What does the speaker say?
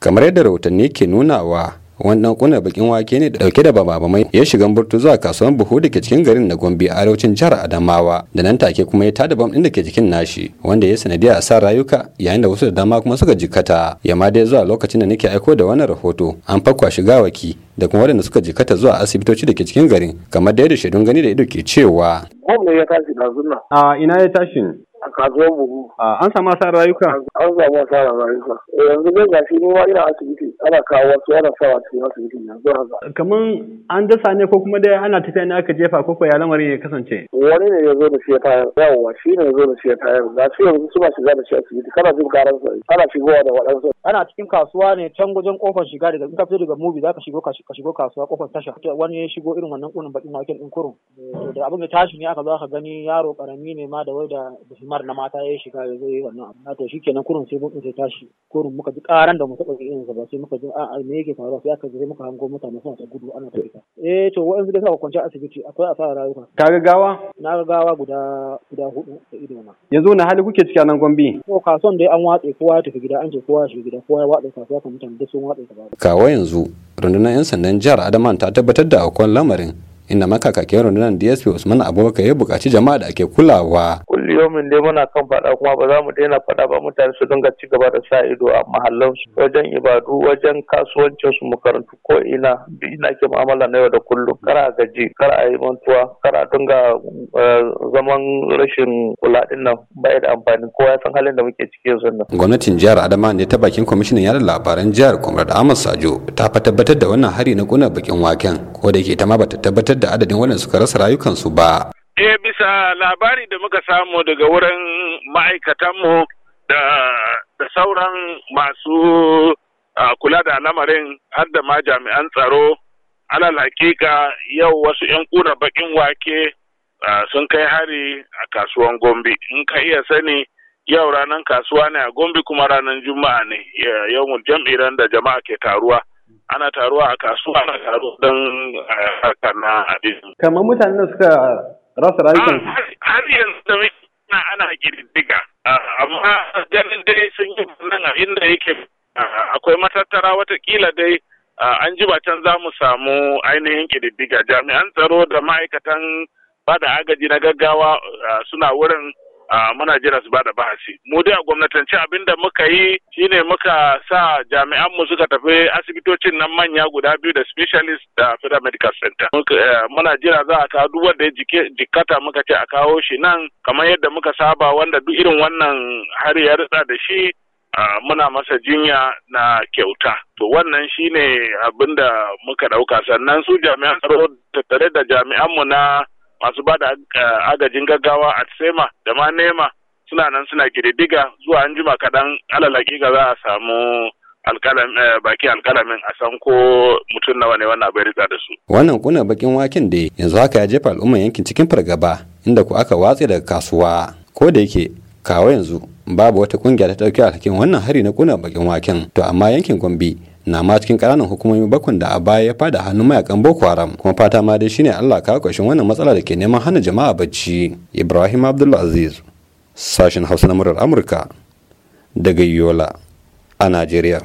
kamar yadda rahotanni ke nunawa wannan kuna bakin wake ne da dauke da mai. ya shiga burtu zuwa kasuwar buhu da ke cikin garin na gombe a arewacin jihar adamawa da nan take kuma ya tada bam din da ke jikin nashi wanda ya sanadiya a sa rayuka yayin da wasu da dama kuma suka jikata yamma dai zuwa lokacin da nake aiko da wannan rahoto an fakwa shiga waki da kuma waɗanda suka jikata zuwa asibitoci da ke cikin garin kamar da yadda shaidun gani da ido ke cewa. ya tashi A ina ya tashi? a kasuwar buhu. An samu asarar rayuka? An samu asarar rayuka. Eh, yanzu dai gashi ni ma ina asibiti. ana kawo wasu ana sawa cikin asibitin yanzu haza. Kaman an dasa ne ko kuma dai ana tafiya ne aka jefa ko ya lamarin ya kasance. Wani ne ya zo da shi ya tayar yawwa shi ne ya zo da shi ya tayar ga shi yanzu suna shiga da shi asibiti kana jin karan sa kana shigowa da waɗansu. Ana cikin kasuwa ne can wajen kofar shiga daga in ka fito daga mubi za ka shigo ka shigo kasuwa kofar tasha. Wani ya shigo irin wannan kunin baƙin waken ɗin kurun. Da abin da tashi ne aka zo aka gani yaro ƙarami ne ma da wai da himar na mata ya shiga ya zo yi wannan abu. Na to shi kenan kurun sai mun tashi kurun muka ji ƙaran da mu taɓa irin ba sai muka zo a'a me yake faruwa sai aka zo muka hango mutane suna ta gudu ana ta fita eh to su da suka kwanci asibiti akwai asarar rayuka ka ga gawa na ga gawa guda guda hudu da ido na yanzu na hali kuke ciki nan gombe to kasuwan dai an watse kowa ya tafi gida an ce kowa ya shiga gida kowa ya watse kasuwa kan mutane da sun watse ka kawo yanzu rundunar yan sandan jihar Adamawa ta tabbatar da akwai lamarin inda makakakin nan dsp usman abubakar ya buƙaci jama'a da ake kulawa kulliyomin dai muna kan faɗa kuma ba za mu daina faɗa ba mutane su dinga ci gaba da sa ido a mahallansu wajen ibadu wajen kasuwancin su makarantu ko ina duk ina ke mu'amala na yau da kullum kar a gaji kar a yi mantuwa kar a dinga eh, zaman rashin kula din nan bai da amfani kowa ya san halin da muke ciki yanzu nan gwamnatin jihar adama ne ta bakin kwamishinan yada labaran jihar comrade ahmad sajo ta fa tabbatar da wannan hari na kuna bakin waken ko da yake ta ma bata tabbatar da adadin waɗanda suka rasa rayukansu ba. Eh bisa labari da muka samu daga wurin ma'aikatanmu da, da sauran masu kula da lamarin har da ma jami'an tsaro alal hakika yau wasu 'yan kura bakin wake sun kai hari a kasuwan gombe in ka iya sani yau ranar kasuwa ne a gombe kuma ranar juma'a ne yau jam'iran da jama'a ke taruwa ana taruwa a kasuwa ana taruwa don eh, harkar na abin. Kamar mutanen da suka rasa rayuwa. Ah, har yanzu da ana girgiga. Ah, amma ganin dai sun yi nan abin da yake ah, akwai matattara watakila dai an ji can za mu samu ainihin ƙididdiga jami'an tsaro da ma'aikatan ba da agaji na gaggawa suna wurin muna jira su bada bahasi mu dai a gwamnatance abin da muka yi shine muka sa jami'an mu suka tafi asibitocin nan manya guda biyu da specialist da federal medical center eh, muna jira za a ta duk wanda ya jikata muka ce a kawo shi nan kamar yadda muka saba wanda duk irin wannan hari ya rutsa da shi muna masa jinya na kyauta to wannan shine abin da muka ɗauka sannan su jami'an tsaro tattare da jami'an mu na masu ba da eh, agajin gaggawa a sema da ma nema suna nan suna kididdiga zuwa an jima kaɗan alalaki ga za a samu eh, baki alkalamin a san ko mutum nawa ne wannan bai da su. Wannan kuna bakin waken da yanzu haka ya jefa al'umma yankin cikin fargaba inda ku aka watse daga kasuwa ko da yake kawo yanzu babu wata kungiya ta ɗauki alhakin wannan hari na kuna bakin waken to amma yankin gombe na ma cikin ƙananan hukumomi bakwai da a baya ya fada hannun mayakan boko haram kuma fata ma dai shine allah ka kwashin wannan matsala da ke neman hana jama'a bacci ibrahim abdulaziz sashen hausa na murar amurka daga yola a najeriya